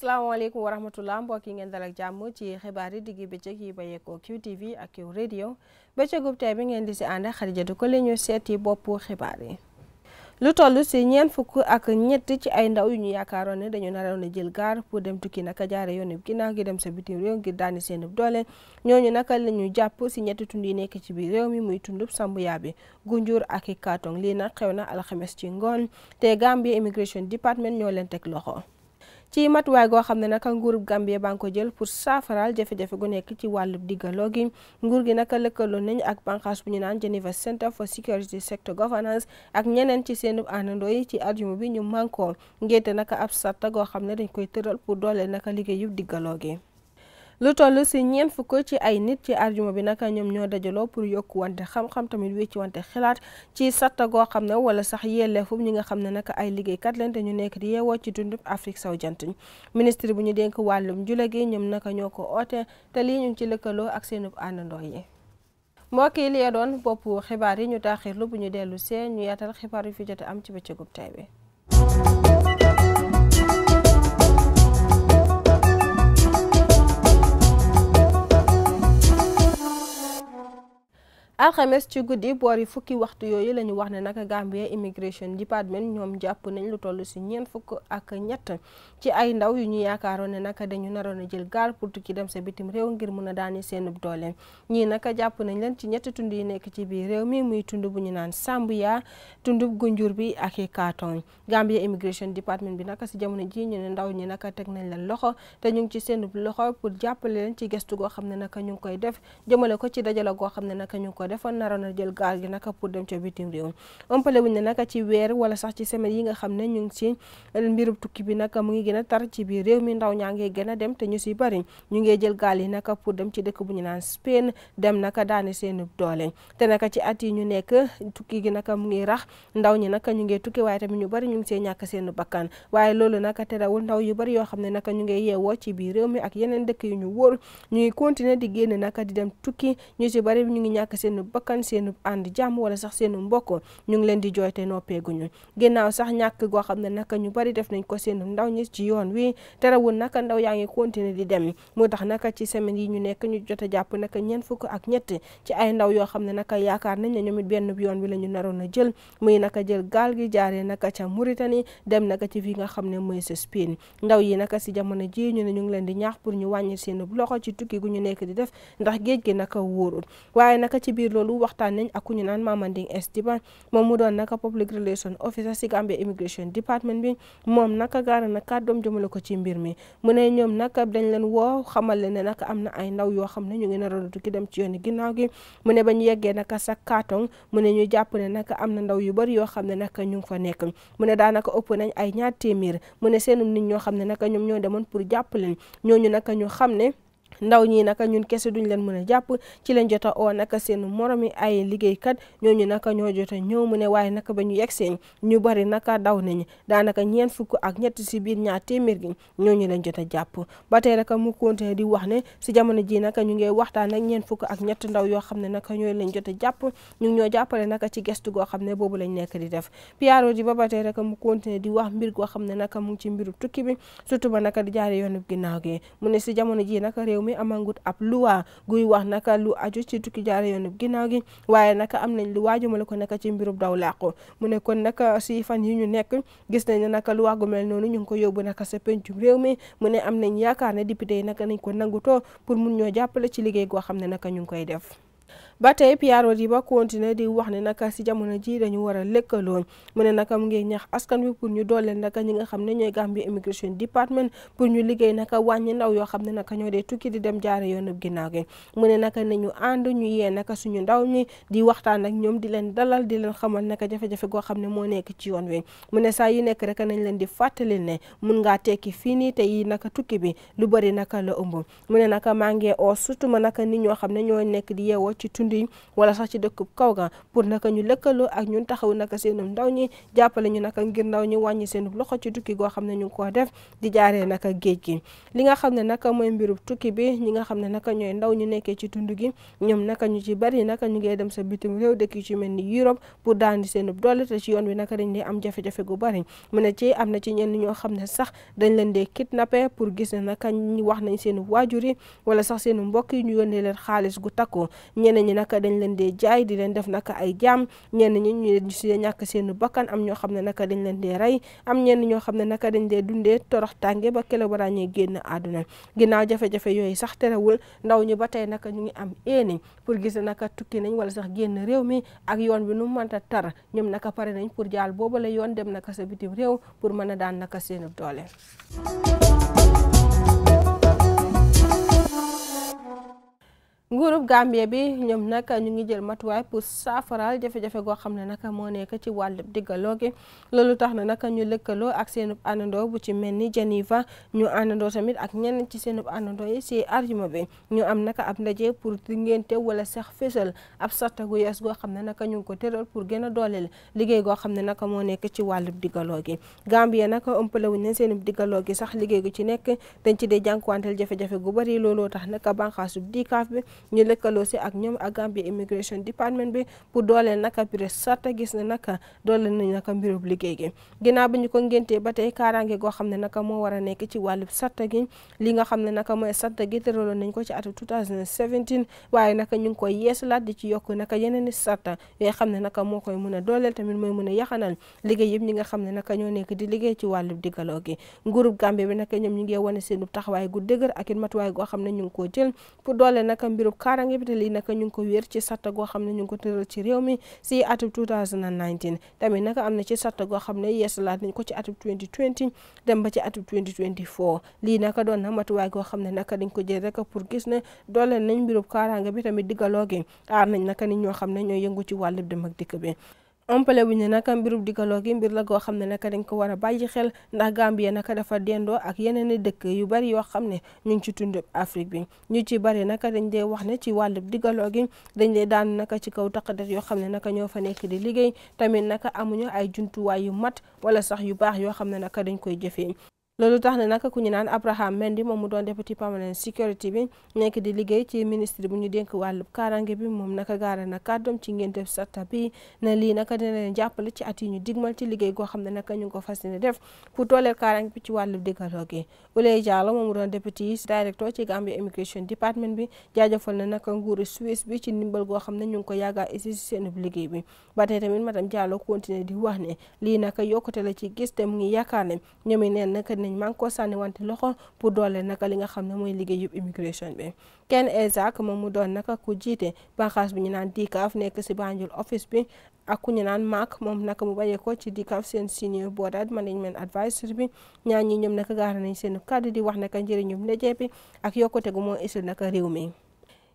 asalaamaaleykum wa rahmatullah mbokk yi ngeen dalak jàmm ci xibaar yi diggi bëccëg yi bayeekoo QTV ak Q radio bëccëgub tey bi ngeen di si ànd Xadijatu ko la seeti boppu xibaar yi lu toll si ñeent fukk ak ñett ci ay ndaw yu ñu yaakaaroon ne dañu naroon a jël gaar pour dem tukki naka jaare yoon bi ginnaaw gi dem sa bitim réew ngir daani seen doole ñooñu naka la ñu jàpp si ñetti tund yi nekk ci biir réew mi muy tundub Sambuya bi Gunjur ak i Katong lii nag xew na alxames ci ngoon te Gambia Immigration Department ñoo leen teg loxo ci matuwaay goo xam ne naka nguurub Gambie baa ngi ko jël pour saafaraal jafe gu nekk ci wàllub diggaloo gi nguur gi naka lëkkaloo nañu ak banqaas bu ñu naan Geneva Center for Security Sector Governance ak ñeneen ci seen àndandoo yi ci aljuma bi ñu mànkoo ngénte naka ab sàtta goo xam ne dañ koy tëral pour dooleel naka liggéeyub diggaloo gi lu toll si ñeent fukk ci ay nit ci arjuma bi nag ñoom ñoo dajaloo pour yokk wante xam-xam tamit wécci wante xalaat ci satta goo xam ne wala sax yelleefu ñi nga xam ne nag ay liggéeykat lañ te ñu nekk di yeewoo ci dundub Afrique saw jant ministre bu ñu dénk wàllum jula gi ñoom naka ñoo ko oote te lii ñu ngi ci lëkkaloo ak seenub àndandoo yi mbokk yi doon bopp xibaar yi ñu taaxirlu bu ñu dellu see ñu yaatal xibaar yu fi jot am ci bëccëgub tey bi alxames ci guddi boor yi fukki waxtu yooyu la ñu wax ne naka Gambia Immigration Department ñoom jàpp nañ lu toll si ñeent fukk ak ñett ci ay ndaw yu ñu yaakaaroon ne naka dañu naroon a jël gaal pour tukki dem sa bitim réew ngir mun a daani seenub doole ñii naka jàpp nañ leen ci ñetti tund yi nekk ci biir réew mi muy tund bu ñu naan Sambuya tundub Gunjur bi ak i Kartong Gambia Immigration Department bi naka si jamono ji ñu ne ndaw ñi naka teg nañ leen loxo te ñu ngi ci seenub loxo pour jàppale leen ci gestu goo xam ne naka ñu ngi koy def jëmale ko ci dajala goo xam ne naka ñu ko dafa naroon na jël gaal gi naka pour dem ca bitim réew ëmpale wuñ ne naka ci weer wala sax ci semaine yi nga xam ne ñu ngi ci mbirum tukki bi naka mu ngi gën a tar ci biir réew mi ndaw ñaa ngi gën a dem te ñu si bari ñu ngi jël gaal yi naka pour dem ci dëkk bu ñu naan Spain dem naka daane seen doole te naka ci at yi ñu nekk tukki gi naka mu ngi rax ndaw ñi naka ñu ngi tukki waaye tamit ñu bari ñu ngi see ñàkk seen bakkan waaye loolu naka terewul ndaw yu bari yoo xam ne naka ñu ngi yeewoo ci biir réew mi ak yeneen dëkk yu ñu wóor ñuy continuer di génn naka di dem tukki ñu si ñu ngi ñàkk seen seenu bakkan seenu ànd jàmm wala sax seenu mbokk ñu ngi leen di jooyte noppeeguñu ginnaaw sax ñàkk goo xam ne naka ñu bari def nañ ko seenu ndaw ñi ci yoon wi terewul naka ndaw yaa ngi continuer di dem moo tax naka ci semaine yi ñu nekk ñu jot a jàpp naka ñeent fukk ak ñett ci ay ndaw yoo xam ne naka yaakaar nañ ne ñoom it benn yoon wi la ñu naroon a jël muy naka jël gaal gi jaaree naka ca Mauritanie dem naka ci fi nga xam ne mooy sa Spain ndaw yi naka si jamono ji ñu ne ñu ngi leen di ñaax pour ñu wàññi seen loxo ci tukki gu ñu nekk di def ndax géej gi naka wóorul waaye naka ci biir loolu waxtaan nañ ak ku ñu naan Mamanding S Dibane moom mu doon naka public relation officer si Gambia immigration department bi moom naka gaara na kàddoom jëmale ko ci mbir mi mu ne ñoom naka dañ leen woo xamal leen ne naka am na ay ndaw yoo xam ne ñu ngi naroon a tukki dem ci yoon ginnaaw gi mu ne ba ñu yeggee naka sa kaatong ñu jàpp ne am na ndaw yu bëri yoo xam ne naka ñu ngi fa nekk mu ne daanaka ëpp nañ ay ñaar téeméer mu ne seenum nit ñoo xam ne naka ñoom ñoo demoon pour jàpp leen ñooñu naka ñu xam ne ndaw ñi naka ñun kese duñ leen mën a jàpp ci leen jota oo naka seen moromi ay liggéeykat ñooñu naka ñoo jota ñëw mu ne waaye naka ba ñu yegg seen ñu bari naka daw nañu daanaka ñeent fukk ak ñett si biir ñaar téeméer gi ñooñu leen jota jàpp ba tey rek mu continué di wax ne si jamono ji naka ñu ngi waxtaan ak ñeent fukk ak ñett ndaw yoo xam ne naka ñooy leen jota jàpp ñu ngi ñoo jàppale naka ci gestu goo xam ne boobu lañ nekk di def piaro di ba ba tey rek mu continué di wax mbir goo xam ne naka mu ngi ci mbiru tukki bi surtout ba naka di jaare yoonu ginnaaw gi mu ne si jamono ji naka réew mi mi amangut ab luwa guy wax naka lu aju ci tukki jaare yoonub ginnaaw gi waaye naka am nañ luwaa jëmale ko naka ci mbirub daw làqu mu ne kon naka si fan yi ñu nekk gis nañ ne naka luwaa gu mel noonu ñu ngi ko yóbbu naka sa pencum réew mi mu ne am nañ yaakaar ne député yi naka nañ ko nangutoo pour mun ñoo jàppale ci liggéey goo xam ne naka ñu ngi koy def ba tey Pierre Rodiba continué di wax ne naka si jamono ji dañu war a lëkkaloo mu ne naka mu ngi ñaax askan wi pour ñu dooleel naka ñi nga xam ne ñooy Gambia Immigration Department pour ñu liggéey naka wàññi ndaw yoo xam ne naka ñoo dee tukki di dem jaare yoonub ginnaaw gi mu ne naka ne ñu ànd ñu yee naka suñu ndaw mi di waxtaan ak ñoom di leen dalal di leen xamal naka jafe-jafe goo xam ne moo nekk ci yoon wi mu ne saa yu nekk rek nañ leen di fàttali ne mun ngaa tekki fii nii te yi naka tukki bi lu bari naka la ëmb mu ne naka maa ngi oo ma naka nit ñoo xam ne ñoo nekk di yeewoo Foundiougne wala sax ci dëkkub Kaolack pour naka ñu lëkkaloo ak ñun taxaw naka seenum ndaw ñi jàppale ñu naka ngir ndaw ñi wàññi seen loxo ci tukki goo xam ne ñu ngi ko def di jaaree naka géej gi li nga xam ne naka mooy mbirub tukki bi ñi nga xam ne naka ñooy ndaw ñu nekkee ci tund gi ñoom naka ñu ci bari naka ñu ngi dem sa bitim réew dëkk yu mel ni Europe pour daandi seenub doole te ci yoon wi naka dañ dee am jafe-jafe gu bari mu ne ci am na ci ñenn ñoo xam ne sax dañ leen dee kidnappé pour gis ne naka ñu wax nañ seen waajur yi wala sax seen mbokk yi ñu yónnee leen xaalis gu takku nag dañ leen dee jaay di leen def nag ay jaam ñenn ñi ñu si ñàkk seenu bakkan am ñoo xam ne nag dañ leen dee rey am ñenn ñoo xam ne nag dañ dee dundee torox tànge ba kele bara ñuy génn àdduna ginnaaw jafe-jafe yooyu sax terewul ndaw ñu ba tey naka ñu ngi am éene pour gis naka tukki nañ wala sax génn réew mi ak yoon bi nu mënta tar ñoom nag pare nañ pour jaal boobu la yoon dem nag sa bitim réew pour mën a daan nag seenu doole Gambie bi ñoom nag ñu ngi jël matuwaay pour saafaraal jafe-jafe goo xam ne nag moo nekk ci wàllu diggaloo gi loolu tax na nag ñu lëkkaloo ak seenub àndandoo bu ci mel ni Geneva ñu àndandoo tamit ak ñenn ci seenub àndandoo yi si arjuma bi ñu am naka ab ndaje pour diggante wala sax fésal ab sarta gu yees goo xam ne nag ñu ko tëral pour gën a dooleel liggéey goo xam ne nag moo nekk ci wàllu diggaloo gi Gambie nag ëmpalewuñ ne seenub diggaloo gi sax liggéey gu ci nekk dañ ci dee jànkuwanteel jafe gu bari lëkkaloo si ak ñoom ak Gambia Immigration Department bi pour dooleel naka presse sarta gis ne naka dooleel naka mbirub liggéey gi bi ñu ko ngéntee ba tey kaaraange goo xam ne naka moo war a nekk ci wàllu sarta gi li nga xam ne naka mooy sarta gi tëraloon nañ ko ci atu 2017 waaye naka ñu ngi koy yeesalaat di ci yokk naka yeneen i sarta yoo xam ne naka moo koy mun a dooleel tamit mooy yëpp ñi nga xam ne naka ñoo nekk di liggéey ci wàllu diggaloo gi nguurub Gambie bi naka ñoom ñu ngi wane seen taxawaay gu dëgër ak it matuwaay goo xam ne ñu ngi koo jël pour dooleel naka mbirub kaaraange bi lii naka ñu ngi ko wér ci satta goo xam ne ñu ngi ko tëral ci réew mi si atub 2019 tamit naka am na ci satta goo xam ne yes yeesalaat nañ ko ci atub 2020 dem ba ci atub 2024 lii naka doon na matuwaay goo xam ne naka dañ ko jël rek pour gis ne dooleel nañ mbirub kaaraange bi tamit diggaloo gi aar nañ naka nit ñoo xam ne ñoo yëngu ci wàllu dem ak dikk bi ompale wuñ ne naka mbirub digaloo gi mbir la goo xam ne naka dañ ko war a bàyyi xel ndax Gambie naka dafa dendoo ak yeneen i dëkk yu bari yoo xam ne ñu ngi ci tundub Afrique bi ñu ci bari naka dañ dee wax ne ci wàllub digaloo gi dañ dee daan naka ci kaw taqadat yoo xam ne naka ñoo fa nekk di liggéey tamit naka amuñu ay jumtuwaay yu mat wala sax yu baax yoo xam ne naka dañ koy jëfee loolu tax na naka ku ñu naan Abraham Mendy moom mu doon député permanent security bi nekk di liggéey ci ministre bu ñu dénk wàllu kaarange bi moom naka gaara na kàddoom ci ngeen def sarta bi na lii naka dina leen jàppale ci at yi ñu digmal ci liggéey goo xam ne naka ñu ngi ko fas yéene def pour dooleel kaarange bi ci wàllu dëggaloo gi Ouleye Diallo moom mu doon député ci Gambia immigration department bi jaajëfal na naka nguuru Suisse bi ci ndimbal goo xam ne ñu ngi ko yàggaa isi seenub liggéey bi ba tey tamit madame di wax ne lii naka yokkute ngi yaakaar ne ñoom nañ maa ngi ko sànni wante loxo pour doole naka li nga xam ne mooy liggéey yëpp immigration bi Ken Isaac moom mu doon naka ku jiite banqaas bi ñu naan DICAF nekk si Banjul office bi ak ku ñu naan Mac moom naka mu bàyyee ko ci DICAF seen senior board management advisory bi ñaar ñi ñoom naka gaara nañ seen kàddu di wax naka njëriñum ndaje bi ak yokkute gu moo isil naka réew mi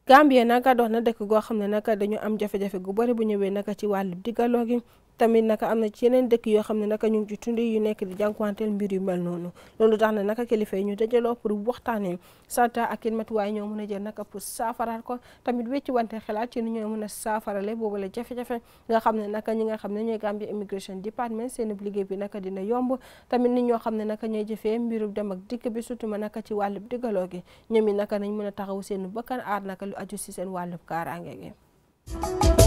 Gambia naka dox na dëkk goo xam ne naka dañu am jafe-jafe gu bëri bu ñëwee naka ci wàllu digaloo gi tamit naka am na ci yeneen dëkk yoo xam ne naka ñu ngi ci tund yu nekk di jànkuwanteel mbir yu mel noonu loolu tax na naka kilifa yi ñu dajaloo pour waxtaanee santa ak yenn matuwaay ñoo mën a jël naka pour saafaraal ko tamit wecci wante xalaat ci ni ñoo mën a saafarale boobu la jafe nga xam ne naka ñi nga xam ne ñooy Gambia immigration department seen liggéey bi naka dina yomb tamit nit ñoo xam ne naka ñooy jëfee mbirub dem ak dikk bi surtout ma naka ci wàllub diggaloo gi ñoom it naka nañ mën a taxaw seen bakkan aar naka lu aju si seen wàllub kaaraange gi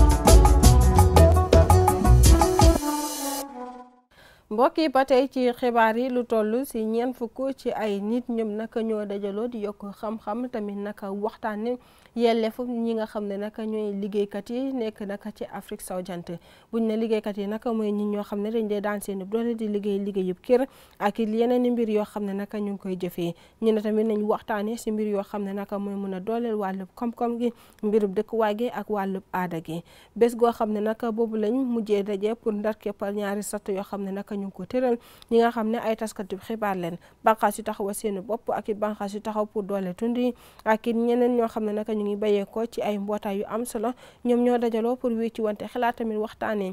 mbokk yi ba tey ci xibaar yi lu toll si ñeent fukk ci ay nit ñoom naka ñoo dajaloo di yokk xam-xam tamit naka waxtaanee. yelleefu ñi nga xam ne naka ñooy liggéeykat yi nekk naka ci Afrique saw jant buñ ne liggéeykat yi naka mooy ñi ñoo xam ne dañ dee daan seen doole di liggéey liggéey yëpp kër ak yeneen i mbir yoo xam ne naka ñu ngi koy jëfee ñu ne tamit nañ waxtaanee si mbir yoo xam ne naka mooy mun a dooleel wàllub koom-koom gi mbirub dëkkuwaay ak wàllub aada gi bés goo xam ne naka boobu lañ mujjee daje pour ndar keppal ñaari satt yoo xam ne naka ñu ko tëral ñi nga xam ne ay taskatu xibaar leen banqaas yu taxaw a seen bopp ak it banqaas yu taxaw pour doole ne naka ñu ngi bàyyeekoo ci ay mbootaay yu am solo ñoom ñoo dajaloo pour wécci wante xalaat tamit waxtaanee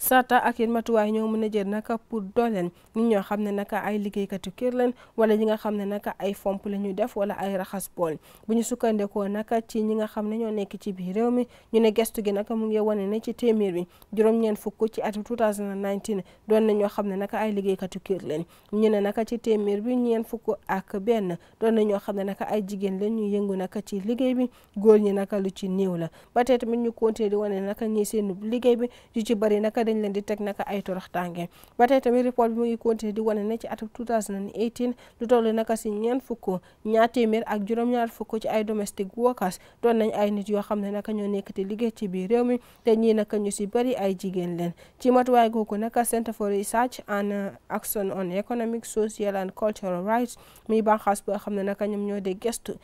sarta ak yéen matuwaay ñoo mën a jël naka pour dooleen nit ñoo xam ne naka ay liggéeykatu kër leen wala ñi nga xam ne naka ay fomp la ñu def wala ay raxas bool bu ñu sukkandikoo naka ci ñi nga xam ne ñoo nekk ci biir réew mi ñu ne gestu gi naka mu ngi wane ne ci téeméer bi juróom fukk ci atu 2019 doon na ñoo xam ne naka ay liggéeykatu kër leen ñu ne naka ci téeméer bi ñeen fukk ak benn doon na ñoo xam ne naka ay jigéen leen ñu yëngu naka ci liggéey bi góor ñi naka lu ci néew la ba tey tamit ñu continuer di wane naka ñi seen liggéey bi yu ci bari naka dañ leen di teg naka ay toroxtaange ba tey tamit report bi mu ngi continuer di wane ne ci atum 2018 lu toll naka si ñeent fukko ñaar téeméer ak juróom-ñaar fukk ci ay domestic workers doon nañ ay nit yoo xam ne naka ñoo nekk di liggéey ci biir réew mi te ñii naka ñu si bëri ay jigéen leen ci matuwaay googu naka Center for Research and Action on Economic Social and Cultural Rights muy bànqaas boo xam ne naka ñoom ñoo dee gestu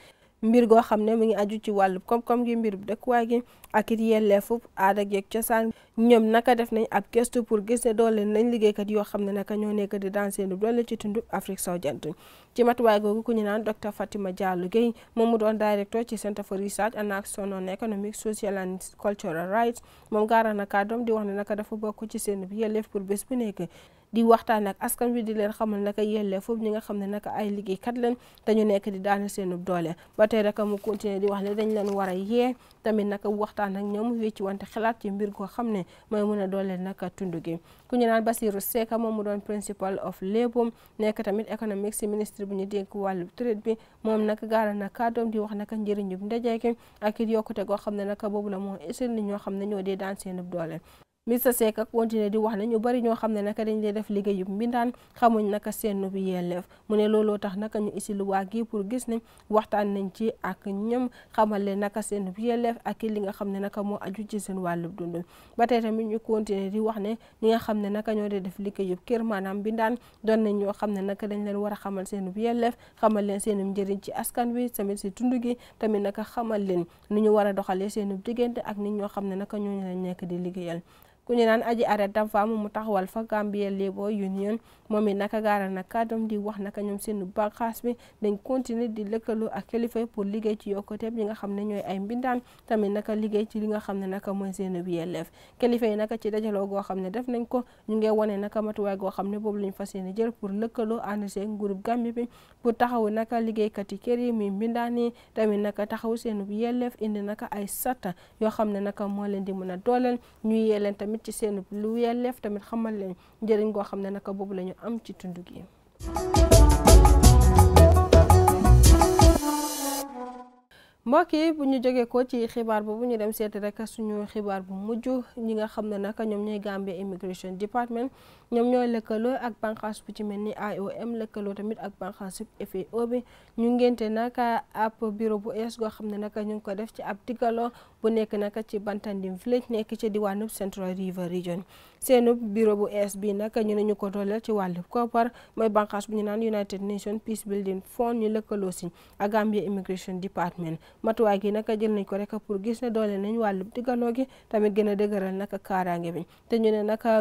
mbir goo xam ne mu ngi aju ci wàllu koom-koom gi mbir bu dëkkuwaay gi ak it yelleefu aada yeeg cosaan ñoom naka def nañ ab gëstu pour gis ne doole nañ liggéeykat yoo xam ne naka ñoo nekk di daan seen doole ci tundu Afrique sowu jant ci matuwaay googu ku ñu naan docteur Fatima Diallo Guèye moom mu doon directeur ci Centre for Research and Action on Economic Social and Cultural Rights moom gaara na kàddoom di wax ne naka dafa bokk ci seen yelleef pour bés bu nekk di waxtaan ak askan wi di leen xamal naka yellee foofu ñi nga xam ne naka ay liggéeykat leen dañu nekk di daana seenu doole ba tey rek mu continuer di wax ne dañ leen war a yee tamit naka waxtaan ak ñoom wécci wante xalaat ci mbir koo xam ne ma mën a dooleel naka tund gi ku ñu naan Basiru Seka moom mu doon principal of labour nekk tamit économique si ministre bu ñu dénk wàllu trade bi moom nag gaara na kàddoom di wax naka njëriñu ndaje gi ak it yokkute goo xam ne naka boobu la moo isil ni ñoo xam ne ñoo dee daan seen doole Mister Seck ak continué di wax ne ñu bari ñoo xam ne naka dañ dee def liggéeyub mbindaan xamuñ naka seen bi yelleef mu ne looloo tax naka ñu isi lu waa gi pour gis ne waxtaan nañ ci ak ñoom xamal leen naka seen bi yelleef ak li nga xam ne naka moo aju ci seen wàllub dund ba tey tamit ñu continué di wax ne ñi nga xam ne naka ñoo dee def liggéeyub kër maanaam mbindaan doon nañ ñoo xam ne naka dañ leen war a xamal seen bi yelleef xamal leen seen njëriñ ci askan wi tamit si tund gi tamit naka xamal leen ni ñu war a doxalee seen diggante ak nit ñoo xam ne naka ñooñu lañ nekk di liggéeyal ku ñu naan aji aret tam fa mu taxawal fa Gambia Labour Union moom it naka gaaral na kàddoom di wax naka ñoom seen bànqaas bi dañ continuer di lëkkaloo ak kilifa pour liggéey ci yokkuteeb ñi nga xam ne ñooy ay mbindaan tamit naka liggéey ci li nga xam ne naka mooy seen yelleef kilifa yi naka ci dajaloo goo xam ne def nañ ko ñu ngi wane naka matuwaay goo xam ne boobu lañ fas yéene jël pour lëkkaloo ànd seen nguurub bi pour taxawu naka liggéeykat yi yi muy mbindaan yi tamit naka taxawu seen yelleef indi naka ay sata yoo xam ne naka moo leen di mën a dooleel ñuy yeleen tamit ci seen lu lef tamit xamal leen njëriñ goo xam ne naka boobu lañu am ci tund gi. mbokk bu ñu jógee ko ci xibaar boobu ñu dem seeti rek suñu xibaar bu mujj ñi nga xam ne naka ñoom ñooy Gambia Immigration Department ñoom ñooy lëkkaloo ak banqaas bu ci mel ni IOM lëkkaloo tamit ak banqaas bu FAO bi ñu ngénte naka ab bureau bu es goo xam ne naka ñu ngi ko def ci ab diggaloo bu nekk naka ci Bantanding Village nekk ci diwaanub Central River Region seenub bureau bu es bi naka ñu ne ñu ko dooleel ci wàllu koppar mooy banqaas bu ñu naan United Nations Peace Building Fund ñu lëkkaloo si ak Gambia Immigration Department matuwaay gi naka jël nañ ko rek pour gis ne dooleel nañ wàllub diggaloo gi tamit gën a dëgëral naka kaaraange bi te ñu ne naka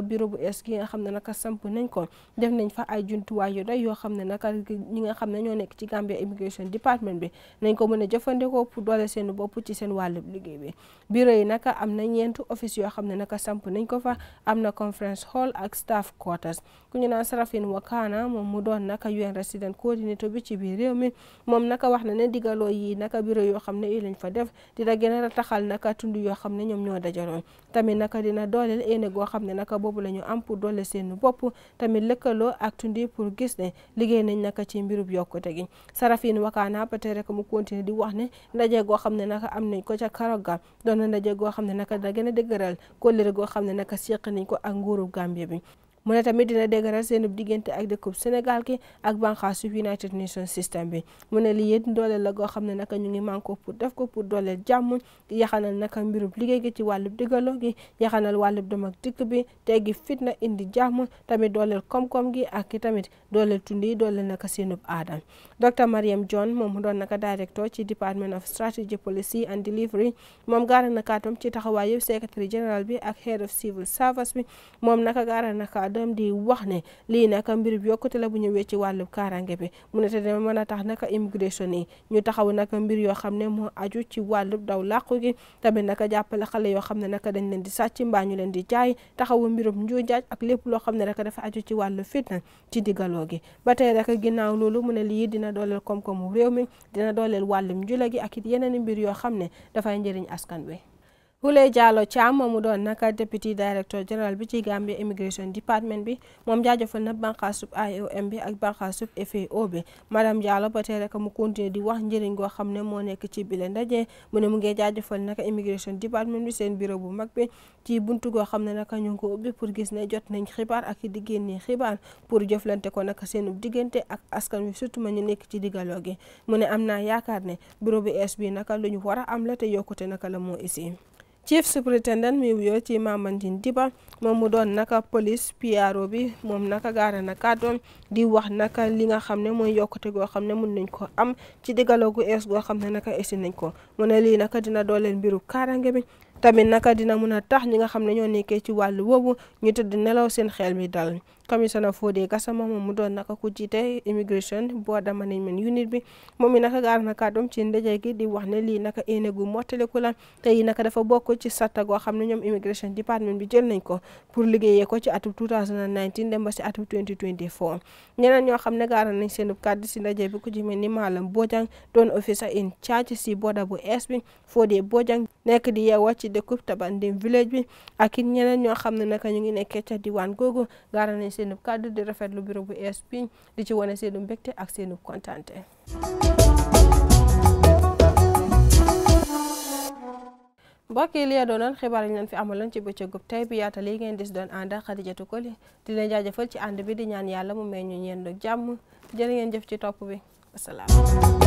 naka samp nañ ko def nañ fa ay jumtuwaay yu doy yoo xam ne naka ñi nga xam ne ñoo nekk ci Gambia immigration department bi nañ ko mën a jëfandikoo pour doole seen bopp ci seen wàllub liggéey bi bureau yi naka am na ñeenti office yoo xam ne naka samp nañ ko fa am na conference hall ak staff quarters ku ñu naan Sarafin Wakana moom mu doon naka UN resident coordinator bi ci biir réew mi moom naka wax na ne digaloo yi naka bureau yoo xam ne yi lañ fa def dina gën a taxal naka tund yoo xam ne ñoom ñoo dajaloon tamit naka dina dooleel éene goo xam ne naka boobu la ñu am pour doole seen seenu bopp tamit lëkkaloo ak tundi pour gis ne liggéey nañ naka ci mbirub yokkute gi Sarafine Wakana ba tey rek mu continuer di wax ne ndaje goo xam ne naka am nañ ko ca Karoga doon na ndaje goo xam ne naka da gën a dëgëral kóllëre goo xam ne naka séq nañ ko ak nguurub Gambie bi mu ne tamit na dëgëral seen diggante ak dëkkub Sénégal ki ak ban bànqaasu United Nations System bi mu ne lii it la goo xam ne naka ñu ngi mànkoo pour def ko pour dooleel jàmm yaxanal naka mbirum liggéey gi ci wàllub diggaloo gi yaxanal wàllub dem ak dikk bi fit na indi jàmm tamit dooleel koom-koom gi ak tamit dooleel tund yi dooleel naka seenub aadam Dr Mariam John moom doon naka directeur ci Department of Strategy Policy and Delivery moom gaara na kaatam ci taxawaayu secrétaire général bi ak head of civil service bi naka dam di wax ne lii nag mbirub yokkute la bu ñëwee ci wàllu kaaraange bi mu ne te dina mën a tax naka immigration yi ñu taxaw naka mbir yoo xam ne moo aju ci wàllu daw làqu gi tamit naka jàppale xale yoo xam ne naka dañ leen di sàcc mbaa ñu leen di jaay taxawu mbirub njuujaaj ak lépp loo xam ne rek dafa aju ci wàllu fitna ci diggaloo gi ba tey rek ginnaaw loolu mu ne lii dina dooleel koom-koomu réew mi dina dooleel wàllum njula gi ak it yeneen mbir yoo xam ne dafay njëriñ askan wi Houlé Diallo Thiam moomu doon naka deputy director general bi ci Gambia immigration department bi moom jaajëfal na bànqaasub IOM bi ak bànqaasub FAO bi madame Diallo ba tey rek mu continuer di wax njëriñ goo xam ne moo nekk ci bile ndaje mu ne mu ngi jaajëfal naka immigration department bi seen bureau bu mag bi ci buntu goo xam ne naka ñu ngi ko ubbi pour gis ne jot nañ xibaar ak di génne xibaar pour jëflante ko naka seenub diggante ak askan wi surtout ma ñu nekk ci diggaloo gi mu ne am naa yaakaar ne bureau bi es bi naka lu ñu war a am la te naka la moo isi chief superintendent mi wuyoo ci Mamadine Diba moom mu doon naka police PRO bi moom naka gaara na kàddoom di wax naka li nga xam ne mooy yokkute goo xam ne mun nañ ko am ci diggalogu es goo xam ne naka esi nañ ko mu ne lii naka dina dooleel mbiru kaarange bi tamit naka dina mun a tax ñi nga xam ne ñoo nekkee ci wàllu woowu ñu tëdd nelaw seen xel mi dal commissioner Fodé Gassama moom mu doon naka ku jiite immigration border management unit bi moom mi naka gaar na kàddoom ci ndaje di wax ne lii naka éene gu mottaliku la te yi naka dafa bokk ci satta goo xam ne ñoom immigration department bi jël nañ ko pour liggéeyee ko ci atub 2019 dem ba si atub 2024 ñeneen ñoo xam ne gaara nañ seenub kàddu si ndaje bi ku ci mel ni Malam Bojang doon officer in charge si border bu es bi Fodé Bojang nekk di yeewoo ci dëkkub Tabandim village bi ak it ñeneen ñoo xam ne naka ñu ngi nekkee ca diwaan googu gaara nañ seenub kàddu di rafetlu bureau bu ES bi di ci wane seenub mbégte ak seenub kontaante mbokk yi liya doonoon xibaar yi leen fi amaloon ci bëccëgub tey bi yaata lii ngeen dis doon ànd ak Xadijatu Koli di leen jaajëfal ci ànd bi di ñaan yàlla mu may ñu ñeen dog jàmm jërë ngeen ci topp bi wasalaam